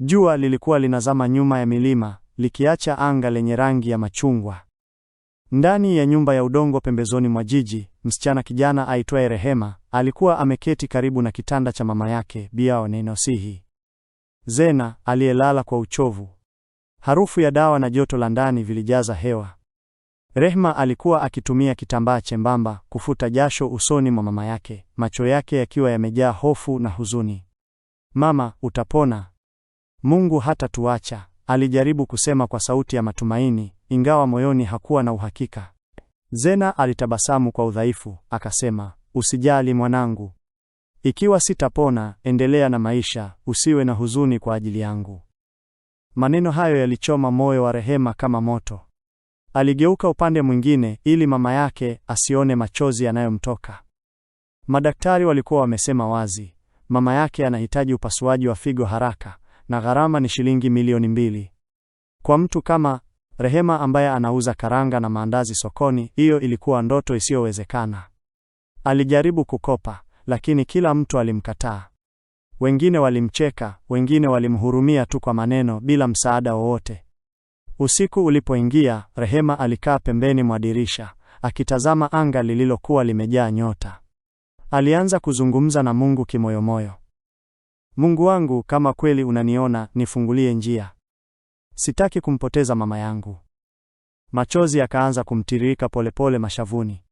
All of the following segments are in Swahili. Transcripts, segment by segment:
Jua lilikuwa linazama nyuma ya milima, likiacha anga lenye rangi ya machungwa. Ndani ya nyumba ya udongo pembezoni mwa jiji, msichana kijana aitwaye Rehema alikuwa ameketi karibu na kitanda cha mama yake Biao Nenosihi Zena aliyelala kwa uchovu. Harufu ya dawa na joto la ndani vilijaza hewa. Rehema alikuwa akitumia kitambaa chembamba kufuta jasho usoni mwa mama yake, macho yake yakiwa yamejaa hofu na huzuni. Mama, utapona, Mungu hatatuacha, alijaribu kusema kwa sauti ya matumaini, ingawa moyoni hakuwa na uhakika. Zena alitabasamu kwa udhaifu, akasema, usijali mwanangu, ikiwa sitapona, endelea na maisha, usiwe na huzuni kwa ajili yangu. Maneno hayo yalichoma moyo wa Rehema kama moto. Aligeuka upande mwingine ili mama yake asione machozi yanayomtoka. Madaktari walikuwa wamesema wazi, mama yake anahitaji upasuaji wa figo haraka, na gharama ni shilingi milioni mbili. Kwa mtu kama Rehema ambaye anauza karanga na maandazi sokoni, hiyo ilikuwa ndoto isiyowezekana. Alijaribu kukopa, lakini kila mtu alimkataa. Wengine walimcheka, wengine walimhurumia tu kwa maneno bila msaada wowote. Usiku ulipoingia, Rehema alikaa pembeni mwa dirisha, akitazama anga lililokuwa limejaa nyota. Alianza kuzungumza na Mungu kimoyomoyo. Mungu wangu, kama kweli unaniona, nifungulie njia. Sitaki kumpoteza mama yangu. Machozi yakaanza kumtiririka polepole mashavuni.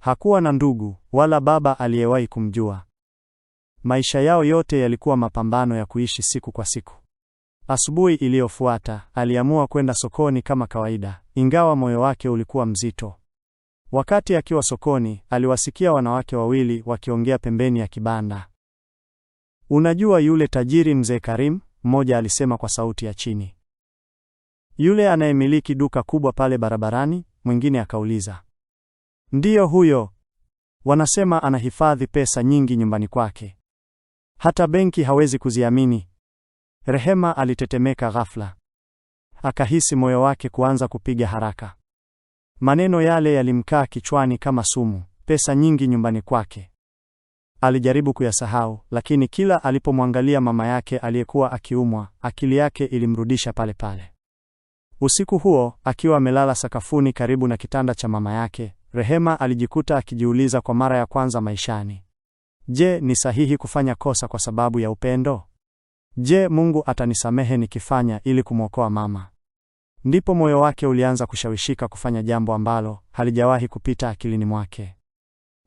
Hakuwa na ndugu wala baba aliyewahi kumjua. Maisha yao yote yalikuwa mapambano ya kuishi siku kwa siku. Asubuhi iliyofuata aliamua kwenda sokoni kama kawaida, ingawa moyo wake ulikuwa mzito. Wakati akiwa sokoni, aliwasikia wanawake wawili wakiongea pembeni ya kibanda. Unajua yule tajiri mzee Karim? Mmoja alisema kwa sauti ya chini. Yule anayemiliki duka kubwa pale barabarani, mwingine akauliza. Ndiyo huyo. Wanasema anahifadhi pesa nyingi nyumbani kwake. Hata benki hawezi kuziamini. Rehema alitetemeka ghafla. Akahisi moyo wake kuanza kupiga haraka. Maneno yale yalimkaa kichwani kama sumu, pesa nyingi nyumbani kwake. Alijaribu kuyasahau, lakini kila alipomwangalia mama yake aliyekuwa akiumwa, akili yake ilimrudisha pale pale. Usiku huo, akiwa amelala sakafuni karibu na kitanda cha mama yake, Rehema alijikuta akijiuliza kwa mara ya kwanza maishani. Je, ni sahihi kufanya kosa kwa sababu ya upendo? Je, Mungu atanisamehe nikifanya ili kumwokoa mama? Ndipo moyo wake ulianza kushawishika kufanya jambo ambalo halijawahi kupita akilini mwake.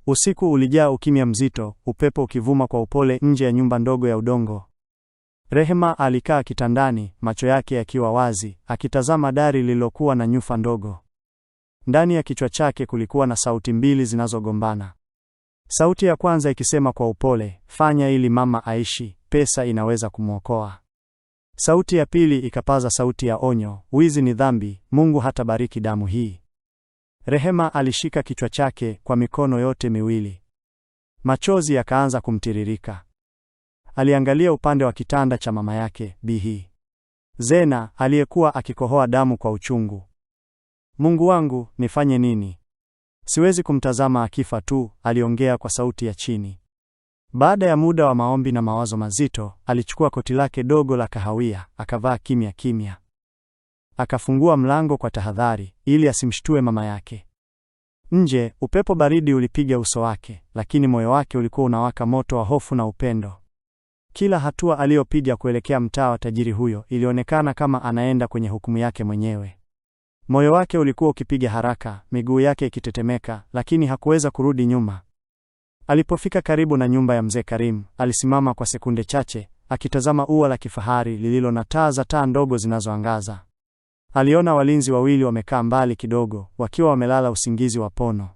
Usiku ulijaa ukimya mzito, upepo ukivuma kwa upole nje ya nyumba ndogo ya udongo. Rehema alikaa kitandani, macho yake yakiwa wazi, akitazama dari lililokuwa na nyufa ndogo. Ndani ya kichwa chake kulikuwa na sauti mbili zinazogombana. Sauti ya kwanza ikisema kwa upole, fanya ili mama aishi, pesa inaweza kumwokoa. Sauti ya pili ikapaza sauti ya onyo, wizi ni dhambi, Mungu hatabariki damu hii. Rehema alishika kichwa chake kwa mikono yote miwili. Machozi yakaanza kumtiririka. Aliangalia upande wa kitanda cha mama yake Bihi Zena aliyekuwa akikohoa damu kwa uchungu. Mungu wangu, nifanye nini? Siwezi kumtazama akifa tu, aliongea kwa sauti ya chini. Baada ya muda wa maombi na mawazo mazito, alichukua koti lake dogo la kahawia, akavaa kimya kimya akafungua mlango kwa tahadhari ili asimshtue mama yake. Nje upepo baridi ulipiga uso wake, lakini moyo wake ulikuwa unawaka moto wa hofu na upendo. Kila hatua aliyopiga kuelekea mtaa wa tajiri huyo ilionekana kama anaenda kwenye hukumu yake mwenyewe. Moyo wake ulikuwa ukipiga haraka, miguu yake ikitetemeka, lakini hakuweza kurudi nyuma. Alipofika karibu na nyumba ya mzee Karim, alisimama kwa sekunde chache akitazama ua la kifahari lililo na taa za taa ndogo zinazoangaza. Aliona walinzi wawili wamekaa mbali kidogo, wakiwa wamelala usingizi wa pono.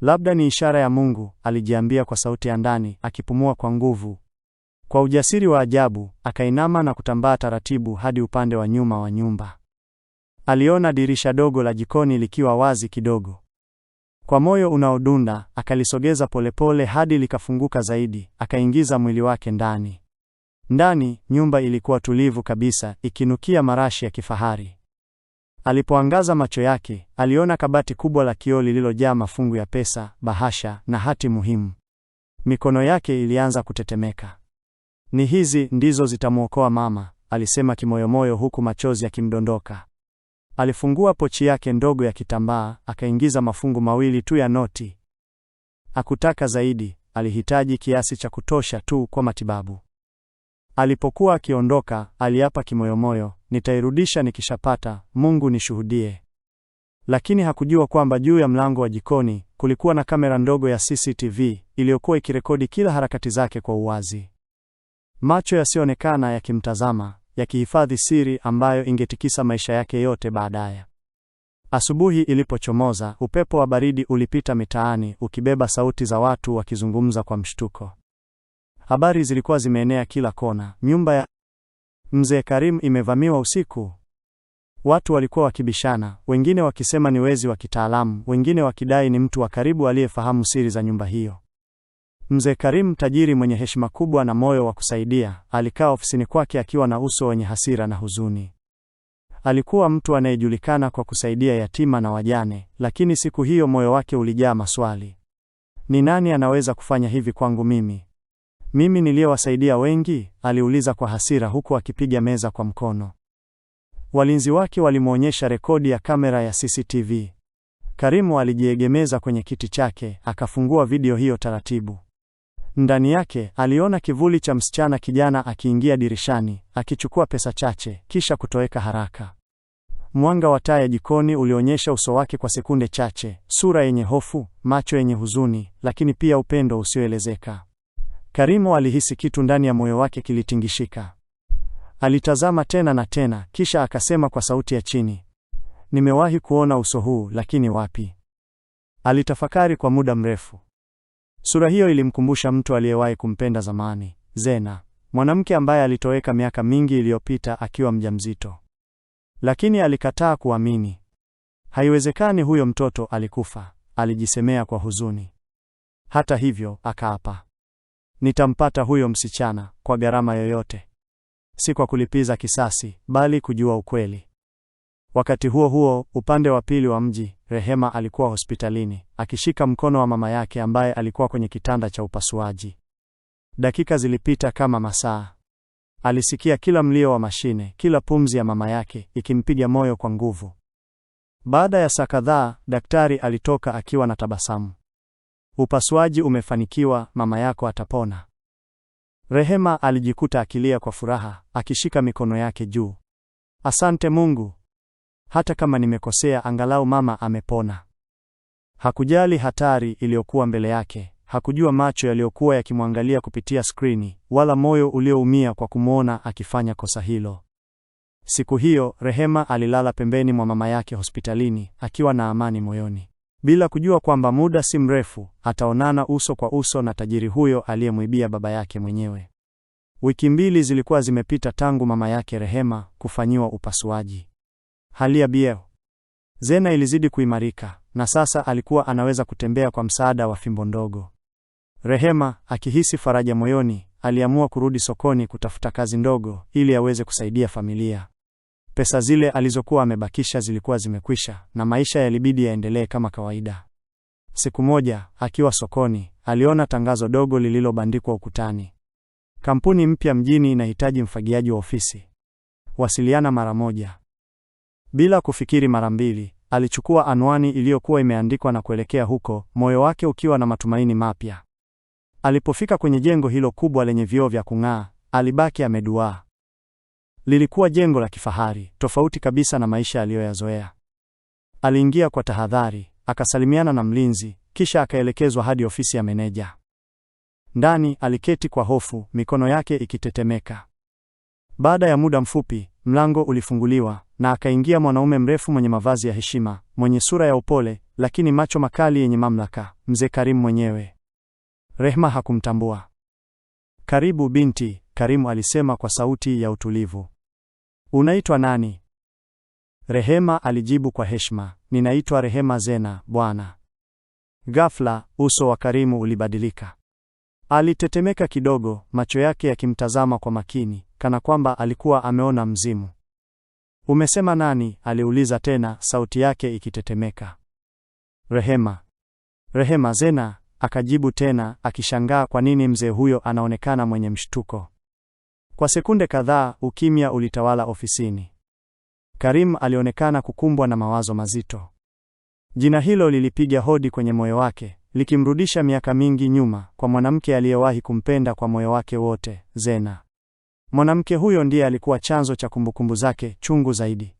Labda ni ishara ya Mungu, alijiambia kwa sauti ya ndani, akipumua kwa nguvu. Kwa ujasiri wa ajabu, akainama na kutambaa taratibu hadi upande wa nyuma wa nyumba. Aliona dirisha dogo la jikoni likiwa wazi kidogo. Kwa moyo unaodunda, akalisogeza polepole hadi likafunguka zaidi, akaingiza mwili wake ndani. Ndani, nyumba ilikuwa tulivu kabisa, ikinukia marashi ya kifahari. Alipoangaza macho yake, aliona kabati kubwa la kioo lililojaa mafungu ya pesa, bahasha na hati muhimu. Mikono yake ilianza kutetemeka. Ni hizi ndizo zitamwokoa mama, alisema kimoyomoyo huku machozi yakimdondoka. Alifungua pochi yake ndogo ya kitambaa, akaingiza mafungu mawili tu ya noti. Hakutaka zaidi, alihitaji kiasi cha kutosha tu kwa matibabu. Alipokuwa akiondoka, aliapa kimoyomoyo, nitairudisha nikishapata, Mungu nishuhudie. Lakini hakujua kwamba juu ya mlango wa jikoni kulikuwa na kamera ndogo ya CCTV iliyokuwa ikirekodi kila harakati zake kwa uwazi. Macho yasiyoonekana yakimtazama, yakihifadhi siri ambayo ingetikisa maisha yake yote baadaye. Asubuhi ilipochomoza, upepo wa baridi ulipita mitaani ukibeba sauti za watu wakizungumza kwa mshtuko. Habari zilikuwa zimeenea kila kona. Nyumba ya mzee Karim imevamiwa usiku. Watu walikuwa wakibishana, wengine wakisema ni wezi wa kitaalamu, wengine wakidai ni mtu wa karibu aliyefahamu siri za nyumba hiyo. Mzee Karim, tajiri mwenye heshima kubwa na moyo wa kusaidia, alikaa ofisini kwake akiwa na uso wenye hasira na huzuni. Alikuwa mtu anayejulikana kwa kusaidia yatima na wajane, lakini siku hiyo moyo wake ulijaa maswali. Ni nani anaweza kufanya hivi kwangu mimi? Mimi niliyewasaidia wengi? aliuliza kwa hasira huku akipiga meza kwa mkono. Walinzi wake walimwonyesha rekodi ya kamera ya CCTV. Karimu alijiegemeza kwenye kiti chake, akafungua video hiyo taratibu. Ndani yake aliona kivuli cha msichana kijana akiingia dirishani, akichukua pesa chache kisha kutoweka haraka. Mwanga wa taa ya jikoni ulionyesha uso wake kwa sekunde chache, sura yenye hofu, macho yenye huzuni, lakini pia upendo usioelezeka. Karimo alihisi kitu ndani ya moyo wake kilitingishika. Alitazama tena na tena, kisha akasema kwa sauti ya chini, nimewahi kuona uso huu, lakini wapi? Alitafakari kwa muda mrefu. Sura hiyo ilimkumbusha mtu aliyewahi kumpenda zamani, Zena, mwanamke ambaye alitoweka miaka mingi iliyopita akiwa mjamzito. Lakini alikataa kuamini. Haiwezekani, huyo mtoto alikufa, alijisemea kwa huzuni. Hata hivyo, akaapa. Nitampata huyo msichana kwa gharama yoyote, si kwa kulipiza kisasi, bali kujua ukweli. Wakati huo huo, upande wa pili wa mji, Rehema alikuwa hospitalini akishika mkono wa mama yake ambaye alikuwa kwenye kitanda cha upasuaji. Dakika zilipita kama masaa. Alisikia kila mlio wa mashine, kila pumzi ya mama yake ikimpiga moyo kwa nguvu. Baada ya saa kadhaa, daktari alitoka akiwa na tabasamu. Upasuaji umefanikiwa, mama yako atapona. Rehema alijikuta akilia kwa furaha, akishika mikono yake juu. Asante Mungu. Hata kama nimekosea, angalau mama amepona. Hakujali hatari iliyokuwa mbele yake, hakujua macho yaliyokuwa yakimwangalia kupitia skrini, wala moyo ulioumia kwa kumwona akifanya kosa hilo. Siku hiyo Rehema alilala pembeni mwa mama yake hospitalini, akiwa na amani moyoni bila kujua kwamba muda si mrefu ataonana uso kwa uso na tajiri huyo aliyemwibia baba yake mwenyewe. Wiki mbili zilikuwa zimepita tangu mama yake Rehema kufanyiwa upasuaji. Hali ya Bieo Zena ilizidi kuimarika na sasa alikuwa anaweza kutembea kwa msaada wa fimbo ndogo. Rehema akihisi faraja moyoni, aliamua kurudi sokoni kutafuta kazi ndogo ili aweze kusaidia familia. Pesa zile alizokuwa amebakisha zilikuwa zimekwisha na maisha yalibidi yaendelee kama kawaida. Siku moja, akiwa sokoni, aliona tangazo dogo lililobandikwa ukutani. Kampuni mpya mjini inahitaji mfagiaji wa ofisi. Wasiliana mara moja. Bila kufikiri mara mbili, alichukua anwani iliyokuwa imeandikwa na kuelekea huko, moyo wake ukiwa na matumaini mapya. Alipofika kwenye jengo hilo kubwa lenye vioo vya kung'aa, alibaki ameduaa. Lilikuwa jengo la kifahari, tofauti kabisa na maisha aliyoyazoea. Aliingia kwa tahadhari, akasalimiana na mlinzi, kisha akaelekezwa hadi ofisi ya meneja. Ndani aliketi kwa hofu, mikono yake ikitetemeka. Baada ya muda mfupi, mlango ulifunguliwa na akaingia mwanaume mrefu mwenye mavazi ya heshima, mwenye sura ya upole lakini macho makali yenye mamlaka, mzee Karim mwenyewe. Rehma hakumtambua. Karibu binti, Karimu alisema kwa sauti ya utulivu. Unaitwa nani? Rehema alijibu kwa heshima, ninaitwa Rehema Zena, bwana. Ghafla uso wa Karimu ulibadilika. Alitetemeka kidogo, macho yake yakimtazama kwa makini, kana kwamba alikuwa ameona mzimu. Umesema nani? aliuliza tena, sauti yake ikitetemeka. Rehema. Rehema Zena, akajibu tena, akishangaa kwa nini mzee huyo anaonekana mwenye mshtuko. Kwa sekunde kadhaa ukimya ulitawala ofisini. Karim alionekana kukumbwa na mawazo mazito. Jina hilo lilipiga hodi kwenye moyo wake, likimrudisha miaka mingi nyuma kwa mwanamke aliyewahi kumpenda kwa moyo wake wote, Zena. Mwanamke huyo ndiye alikuwa chanzo cha kumbukumbu zake chungu zaidi.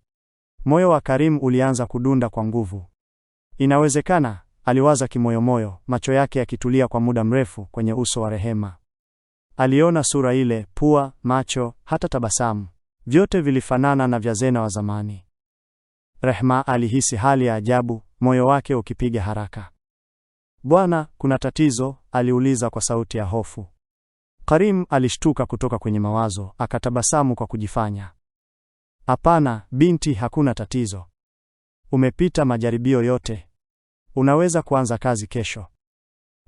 Moyo wa Karim ulianza kudunda kwa nguvu. Inawezekana, aliwaza kimoyomoyo, macho yake yakitulia kwa muda mrefu kwenye uso wa Rehema. Aliona sura ile, pua, macho, hata tabasamu, vyote vilifanana na vya Zena wa zamani. rehma alihisi hali ya ajabu, moyo wake ukipiga haraka. Bwana, kuna tatizo? aliuliza kwa sauti ya hofu. Karim alishtuka kutoka kwenye mawazo, akatabasamu kwa kujifanya. Hapana binti, hakuna tatizo. Umepita majaribio yote, unaweza kuanza kazi kesho.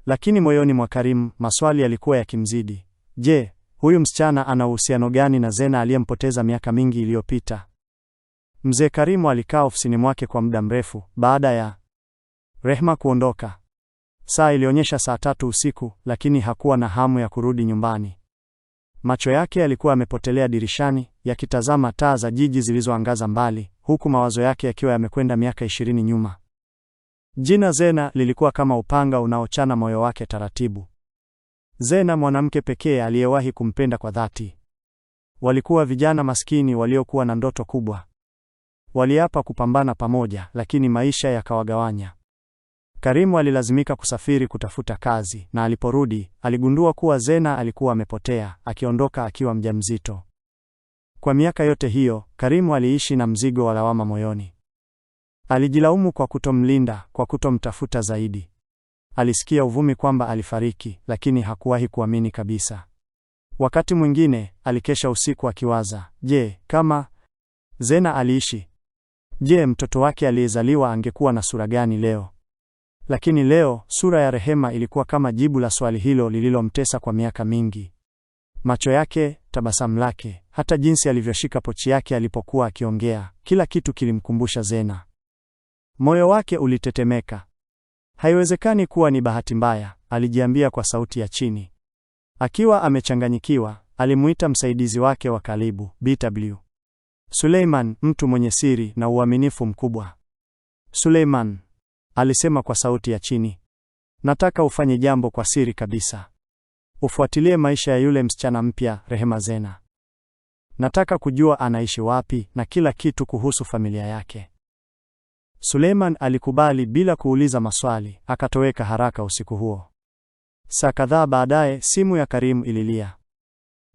Lakini moyoni mwa Karim maswali yalikuwa yakimzidi. Je, huyu msichana ana uhusiano gani na Zena aliyempoteza miaka mingi iliyopita? Mzee Karimu alikaa ofisini mwake kwa muda mrefu baada ya rehma kuondoka. Saa ilionyesha saa tatu usiku, lakini hakuwa na hamu ya kurudi nyumbani. Macho yake yalikuwa yamepotelea dirishani, yakitazama taa za jiji zilizoangaza mbali, huku mawazo yake yakiwa yamekwenda miaka ishirini nyuma. Jina Zena lilikuwa kama upanga unaochana moyo wake taratibu. Zena mwanamke pekee aliyewahi kumpenda kwa dhati. Walikuwa vijana maskini waliokuwa na ndoto kubwa. Waliapa kupambana pamoja, lakini maisha yakawagawanya. Karimu alilazimika kusafiri kutafuta kazi, na aliporudi aligundua kuwa Zena alikuwa amepotea, akiondoka akiwa mjamzito. Kwa miaka yote hiyo, Karimu aliishi na mzigo wa lawama moyoni. Alijilaumu kwa kutomlinda, kwa kutomtafuta zaidi. Alisikia uvumi kwamba alifariki, lakini hakuwahi kuamini kabisa. Wakati mwingine alikesha usiku akiwaza, je, kama Zena aliishi, je, mtoto wake aliyezaliwa angekuwa na sura gani leo? Lakini leo sura ya Rehema ilikuwa kama jibu la swali hilo lililomtesa kwa miaka mingi. Macho yake, tabasamu lake, hata jinsi alivyoshika pochi yake alipokuwa akiongea, kila kitu kilimkumbusha Zena. Moyo wake ulitetemeka. Haiwezekani kuwa ni bahati mbaya, alijiambia kwa sauti ya chini. Akiwa amechanganyikiwa, alimuita msaidizi wake wa karibu, BW. Suleiman, mtu mwenye siri na uaminifu mkubwa. Suleiman, alisema kwa sauti ya chini. Nataka ufanye jambo kwa siri kabisa. Ufuatilie maisha ya yule msichana mpya, Rehema Zena. Nataka kujua anaishi wapi na kila kitu kuhusu familia yake. Suleiman alikubali bila kuuliza maswali, akatoweka haraka usiku huo. Saa kadhaa baadaye, simu ya Karimu ililia.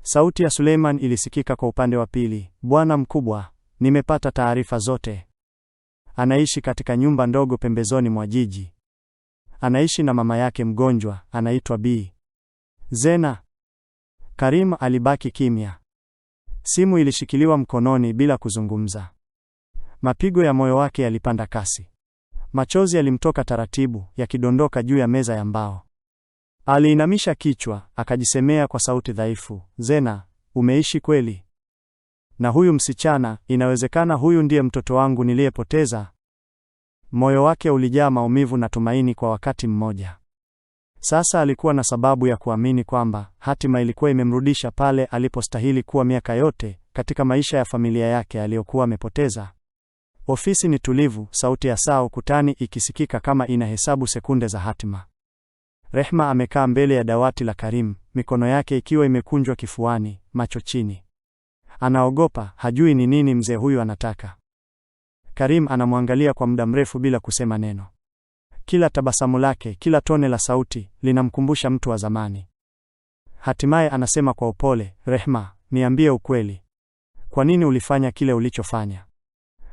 Sauti ya Suleiman ilisikika kwa upande wa pili. Bwana mkubwa, nimepata taarifa zote. Anaishi katika nyumba ndogo pembezoni mwa jiji. Anaishi na mama yake mgonjwa, anaitwa Bi Zena. Karimu alibaki kimya. Simu ilishikiliwa mkononi bila kuzungumza. Mapigo ya moyo wake yalipanda kasi, machozi yalimtoka taratibu, yakidondoka juu ya meza ya mbao. Aliinamisha kichwa, akajisemea kwa sauti dhaifu, Zena, umeishi kweli? Na huyu msichana, inawezekana huyu ndiye mtoto wangu niliyepoteza? Moyo wake ulijaa maumivu na tumaini kwa wakati mmoja. Sasa alikuwa na sababu ya kuamini kwamba hatima ilikuwa imemrudisha pale alipostahili kuwa miaka yote, katika maisha ya familia yake aliyokuwa amepoteza. Ofisi ni tulivu, sauti ya saa ukutani ikisikika kama inahesabu sekunde za hatima. Rehma amekaa mbele ya dawati la Karim, mikono yake ikiwa imekunjwa kifuani, macho chini. Anaogopa, hajui ni nini mzee huyu anataka. Karim anamwangalia kwa muda mrefu bila kusema neno. Kila tabasamu lake, kila tone la sauti linamkumbusha mtu wa zamani. Hatimaye anasema kwa upole, "Rehma, niambie ukweli. Kwa nini ulifanya kile ulichofanya?"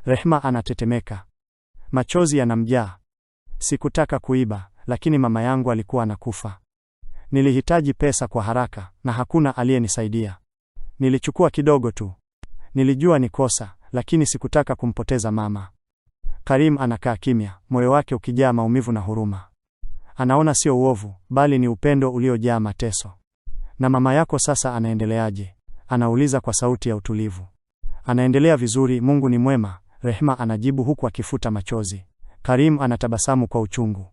rehma anatetemeka, machozi yanamjaa. Sikutaka kuiba, lakini mama yangu alikuwa anakufa. Nilihitaji pesa kwa haraka na hakuna aliyenisaidia. Nilichukua kidogo tu, nilijua ni kosa, lakini sikutaka kumpoteza mama. Karim anakaa kimya, moyo wake ukijaa maumivu na huruma. Anaona sio uovu, bali ni upendo uliojaa mateso. Na mama yako sasa anaendeleaje? Anauliza kwa sauti ya utulivu. Anaendelea vizuri, Mungu ni mwema, rehma anajibu huku akifuta machozi. Karim anatabasamu kwa uchungu.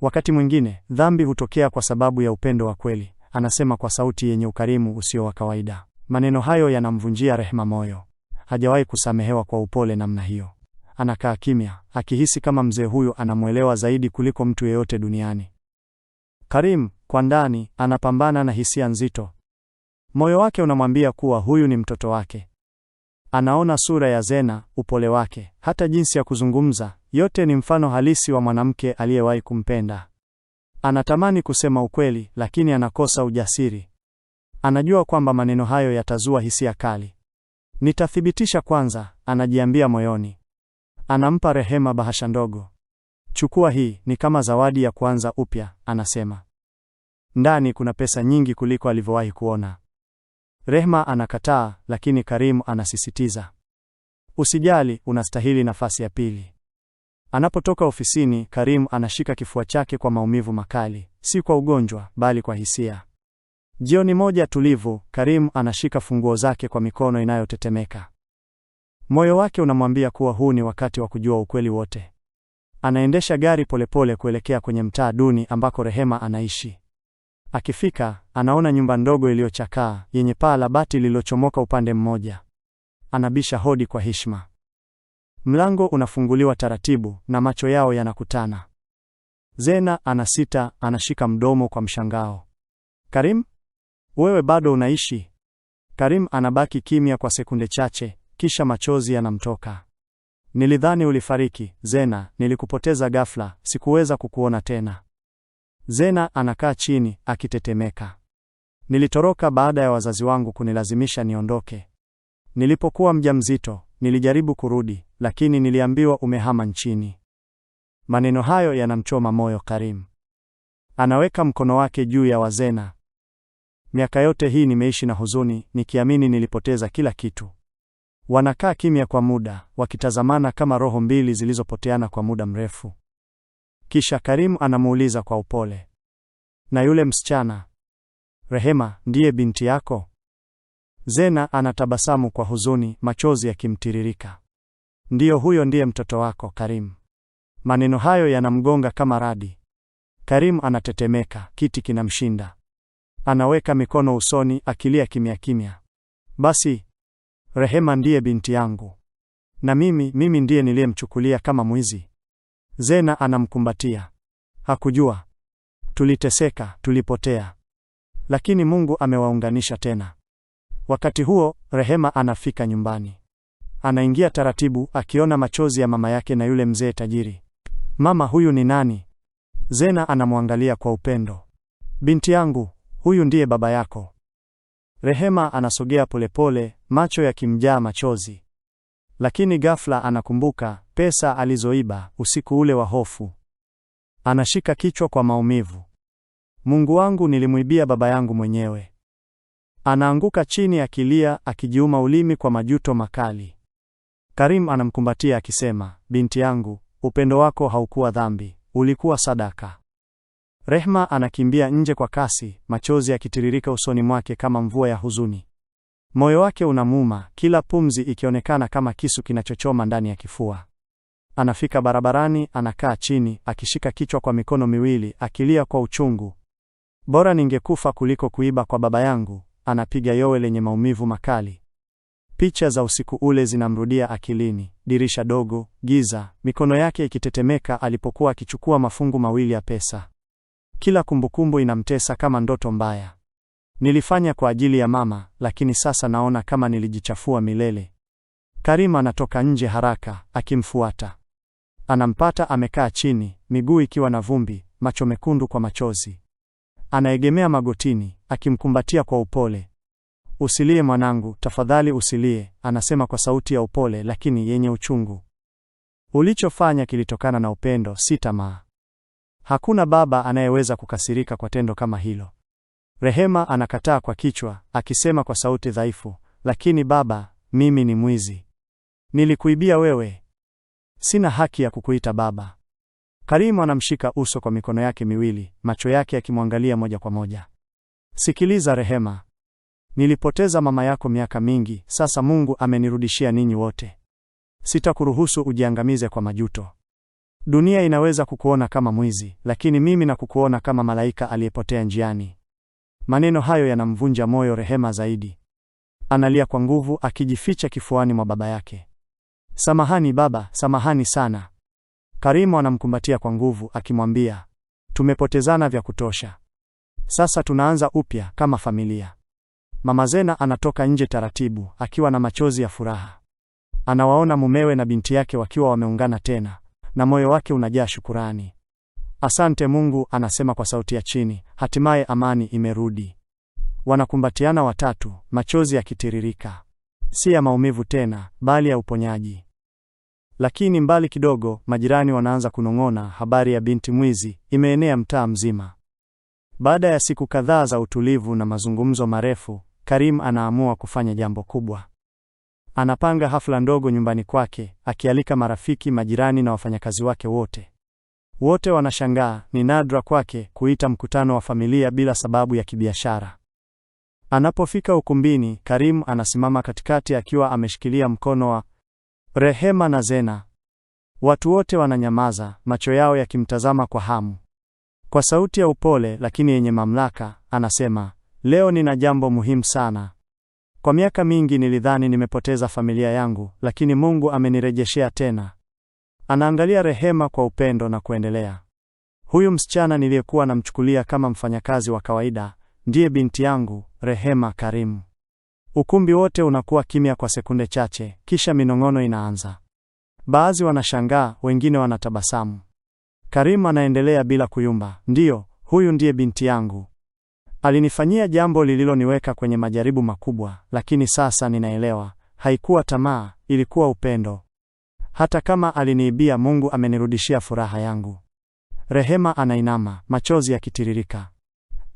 Wakati mwingine dhambi hutokea kwa sababu ya upendo wa kweli, anasema kwa sauti yenye ukarimu usio wa kawaida. Maneno hayo yanamvunjia rehma moyo. Hajawahi kusamehewa kwa upole namna hiyo. Anakaa kimya, akihisi kama mzee huyo anamwelewa zaidi kuliko mtu yeyote duniani. Karim kwa ndani anapambana na hisia nzito. Moyo wake unamwambia kuwa huyu ni mtoto wake, Anaona sura ya Zena, upole wake, hata jinsi ya kuzungumza, yote ni mfano halisi wa mwanamke aliyewahi kumpenda. Anatamani kusema ukweli, lakini anakosa ujasiri. Anajua kwamba maneno hayo yatazua hisia kali. Nitathibitisha kwanza, anajiambia moyoni. Anampa Rehema bahasha ndogo. Chukua hii, ni kama zawadi ya kuanza upya, anasema. Ndani kuna pesa nyingi kuliko alivyowahi kuona. Rehema anakataa, lakini Karim anasisitiza. Usijali, unastahili nafasi ya pili. Anapotoka ofisini, Karim anashika kifua chake kwa maumivu makali, si kwa ugonjwa, bali kwa hisia. Jioni moja tulivu, Karim anashika funguo zake kwa mikono inayotetemeka. Moyo wake unamwambia kuwa huu ni wakati wa kujua ukweli wote. Anaendesha gari polepole kuelekea kwenye mtaa duni ambako Rehema anaishi. Akifika, anaona nyumba ndogo iliyochakaa yenye paa la bati lililochomoka upande mmoja. Anabisha hodi kwa heshima. Mlango unafunguliwa taratibu na macho yao yanakutana. Zena anasita, anashika mdomo kwa mshangao. Karim, wewe bado unaishi? Karim anabaki kimya kwa sekunde chache, kisha machozi yanamtoka. Nilidhani ulifariki Zena, nilikupoteza ghafla, sikuweza kukuona tena. Zena anakaa chini akitetemeka. Nilitoroka baada ya wazazi wangu kunilazimisha niondoke. Nilipokuwa mjamzito, nilijaribu kurudi, lakini niliambiwa umehama nchini. Maneno hayo yanamchoma moyo Karim. Anaweka mkono wake juu ya Wazena. Miaka yote hii nimeishi na huzuni, nikiamini nilipoteza kila kitu. Wanakaa kimya kwa muda, wakitazamana kama roho mbili zilizopoteana kwa muda mrefu. Kisha Karim anamuuliza kwa upole, na yule msichana, Rehema ndiye binti yako? Zena anatabasamu kwa huzuni, machozi yakimtiririka. Ndiyo, huyo ndiye mtoto wako Karim. Maneno hayo yanamgonga kama radi. Karim anatetemeka, kiti kinamshinda. Anaweka mikono usoni, akilia kimya kimya. Basi Rehema ndiye binti yangu, na mimi mimi ndiye niliyemchukulia kama mwizi. Zena anamkumbatia. Hakujua Tuliteseka, tulipotea, lakini Mungu amewaunganisha tena. Wakati huo Rehema anafika nyumbani, anaingia taratibu, akiona machozi ya mama yake na yule mzee tajiri. Mama, huyu ni nani? Zena anamwangalia kwa upendo. Binti yangu, huyu ndiye baba yako. Rehema anasogea polepole, macho yakimjaa machozi, lakini ghafla anakumbuka pesa alizoiba usiku ule wa hofu. Anashika kichwa kwa maumivu. Mungu wangu nilimwibia baba yangu mwenyewe. Anaanguka chini akilia, akijiuma ulimi kwa majuto makali. Karim anamkumbatia akisema, binti yangu, upendo wako haukuwa dhambi, ulikuwa sadaka. Rehma anakimbia nje kwa kasi, machozi yakitiririka usoni mwake kama mvua ya huzuni. Moyo wake unamuma kila pumzi ikionekana kama kisu kinachochoma ndani ya kifua. Anafika barabarani, anakaa chini, akishika kichwa kwa mikono miwili, akilia kwa uchungu, Bora ningekufa kuliko kuiba kwa baba yangu, anapiga yowe lenye maumivu makali. Picha za usiku ule zinamrudia akilini: dirisha dogo, giza, mikono yake ikitetemeka alipokuwa akichukua mafungu mawili ya pesa. Kila kumbukumbu inamtesa kama ndoto mbaya. Nilifanya kwa ajili ya mama, lakini sasa naona kama nilijichafua milele. Karima anatoka nje haraka, akimfuata. Anampata amekaa chini, miguu ikiwa na vumbi, macho mekundu kwa machozi. Anaegemea magotini akimkumbatia kwa upole. Usilie mwanangu, tafadhali usilie, anasema kwa sauti ya upole lakini yenye uchungu. Ulichofanya kilitokana na upendo, si tamaa. Hakuna baba anayeweza kukasirika kwa tendo kama hilo. Rehema anakataa kwa kichwa, akisema kwa sauti dhaifu, lakini baba, mimi ni mwizi. Nilikuibia wewe. Sina haki ya kukuita baba. Karimu anamshika uso kwa mikono yake miwili, macho yake yakimwangalia moja kwa moja. Sikiliza Rehema, nilipoteza mama yako miaka mingi, sasa Mungu amenirudishia ninyi wote. Sitakuruhusu ujiangamize kwa majuto. Dunia inaweza kukuona kama mwizi, lakini mimi na kukuona kama malaika aliyepotea njiani. Maneno hayo yanamvunja moyo Rehema zaidi. Analia kwa nguvu, akijificha kifuani mwa baba yake. Samahani baba, samahani sana. Karimu anamkumbatia kwa nguvu akimwambia, tumepotezana vya kutosha, sasa tunaanza upya kama familia. Mama Zena anatoka nje taratibu, akiwa na machozi ya furaha. Anawaona mumewe na binti yake wakiwa wameungana tena, na moyo wake unajaa shukurani. Asante Mungu, anasema kwa sauti ya chini, hatimaye amani imerudi. Wanakumbatiana watatu, machozi yakitiririka, si ya maumivu tena, bali ya uponyaji. Lakini mbali kidogo, majirani wanaanza kunong'ona, habari ya binti mwizi imeenea mtaa mzima. Baada ya siku kadhaa za utulivu na mazungumzo marefu, Karim anaamua kufanya jambo kubwa. Anapanga hafla ndogo nyumbani kwake, akialika marafiki, majirani na wafanyakazi wake wote. Wote wanashangaa, ni nadra kwake kuita mkutano wa familia bila sababu ya kibiashara. Anapofika ukumbini, Karim anasimama katikati akiwa ameshikilia mkono wa Rehema na Zena. Watu wote wananyamaza, macho yao yakimtazama kwa hamu. Kwa sauti ya upole lakini yenye mamlaka, anasema, leo nina jambo muhimu sana. Kwa miaka mingi nilidhani nimepoteza familia yangu, lakini Mungu amenirejeshea tena. Anaangalia Rehema kwa upendo na kuendelea, huyu msichana niliyekuwa namchukulia kama mfanyakazi wa kawaida ndiye binti yangu Rehema Karimu. Ukumbi wote unakuwa kimya kwa sekunde chache, kisha minong'ono inaanza. Baadhi wanashangaa, wengine wanatabasamu. Karim anaendelea bila kuyumba, ndiyo, huyu ndiye binti yangu. Alinifanyia jambo lililoniweka kwenye majaribu makubwa, lakini sasa ninaelewa, haikuwa tamaa, ilikuwa upendo. Hata kama aliniibia, Mungu amenirudishia furaha yangu. Rehema anainama, machozi yakitiririka.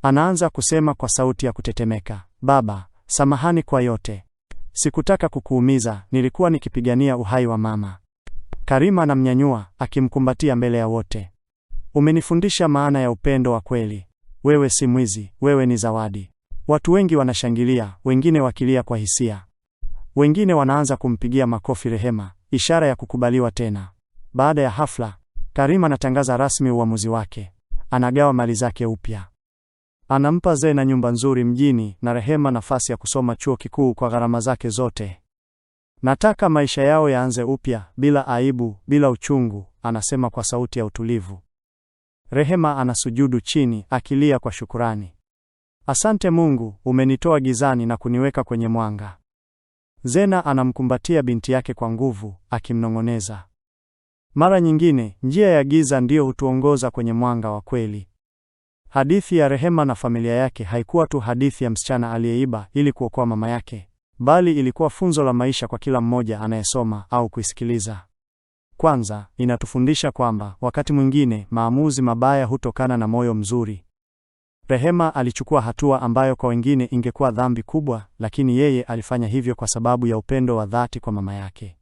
Anaanza kusema kwa sauti ya kutetemeka, Baba, samahani kwa yote, sikutaka kukuumiza, nilikuwa nikipigania uhai wa mama. Karima anamnyanyua akimkumbatia mbele ya wote. Umenifundisha maana ya upendo wa kweli. Wewe si mwizi, wewe ni zawadi. Watu wengi wanashangilia, wengine wakilia kwa hisia, wengine wanaanza kumpigia makofi Rehema, ishara ya kukubaliwa tena. Baada ya hafla, Karima anatangaza rasmi uamuzi wake, anagawa mali zake upya. Anampa Zena nyumba nzuri mjini na Rehema nafasi ya kusoma chuo kikuu kwa gharama zake zote. Nataka maisha yao yaanze upya bila aibu, bila uchungu, anasema kwa sauti ya utulivu. Rehema anasujudu chini akilia kwa shukurani. Asante Mungu, umenitoa gizani na kuniweka kwenye mwanga. Zena anamkumbatia binti yake kwa nguvu akimnong'oneza. Mara nyingine, njia ya giza ndiyo hutuongoza kwenye mwanga wa kweli. Hadithi ya Rehema na familia yake haikuwa tu hadithi ya msichana aliyeiba ili kuokoa mama yake, bali ilikuwa funzo la maisha kwa kila mmoja anayesoma au kuisikiliza. Kwanza, inatufundisha kwamba wakati mwingine maamuzi mabaya hutokana na moyo mzuri. Rehema alichukua hatua ambayo kwa wengine ingekuwa dhambi kubwa, lakini yeye alifanya hivyo kwa sababu ya upendo wa dhati kwa mama yake.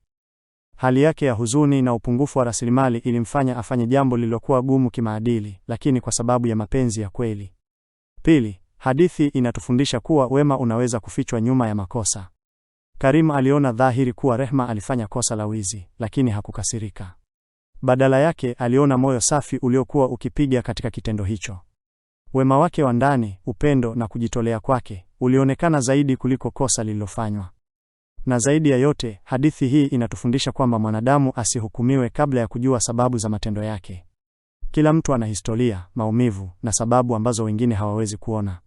Hali yake ya huzuni na upungufu wa rasilimali ilimfanya afanye jambo lililokuwa gumu kimaadili, lakini kwa sababu ya mapenzi ya kweli. Pili, hadithi inatufundisha kuwa wema unaweza kufichwa nyuma ya makosa. Karim aliona dhahiri kuwa Rehma alifanya kosa la wizi, lakini hakukasirika. Badala yake aliona moyo safi uliokuwa ukipiga katika kitendo hicho. Wema wake wa ndani, upendo na kujitolea kwake ulionekana zaidi kuliko kosa lililofanywa. Na zaidi ya yote, hadithi hii inatufundisha kwamba mwanadamu asihukumiwe kabla ya kujua sababu za matendo yake. Kila mtu ana historia, maumivu na sababu ambazo wengine hawawezi kuona.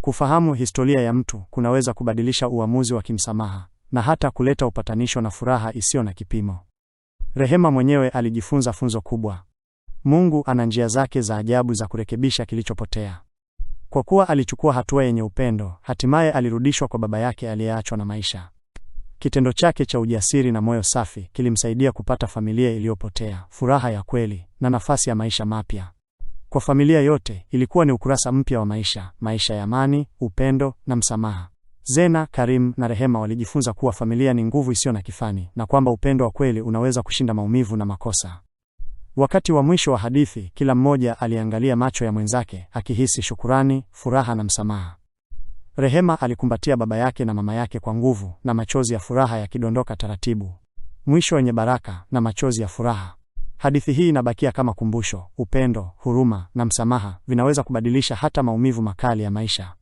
Kufahamu historia ya mtu kunaweza kubadilisha uamuzi wa kimsamaha na hata kuleta upatanisho na furaha isiyo na kipimo. Rehema mwenyewe alijifunza funzo kubwa. Mungu ana njia zake za ajabu za kurekebisha kilichopotea. Kwa kuwa alichukua hatua yenye upendo, hatimaye alirudishwa kwa baba yake aliyeachwa na maisha. Kitendo chake cha ujasiri na moyo safi kilimsaidia kupata familia iliyopotea, furaha ya kweli na nafasi ya maisha mapya. Kwa familia yote ilikuwa ni ukurasa mpya wa maisha, maisha ya amani, upendo na msamaha. Zena, Karim na Rehema walijifunza kuwa familia ni nguvu isiyo na kifani na kwamba upendo wa kweli unaweza kushinda maumivu na makosa. Wakati wa mwisho wa hadithi, kila mmoja aliangalia macho ya mwenzake akihisi shukurani, furaha na msamaha. Rehema alikumbatia baba yake na mama yake kwa nguvu na machozi ya furaha yakidondoka taratibu. Mwisho wenye baraka na machozi ya furaha. Hadithi hii inabakia kama kumbusho: upendo, huruma na msamaha vinaweza kubadilisha hata maumivu makali ya maisha.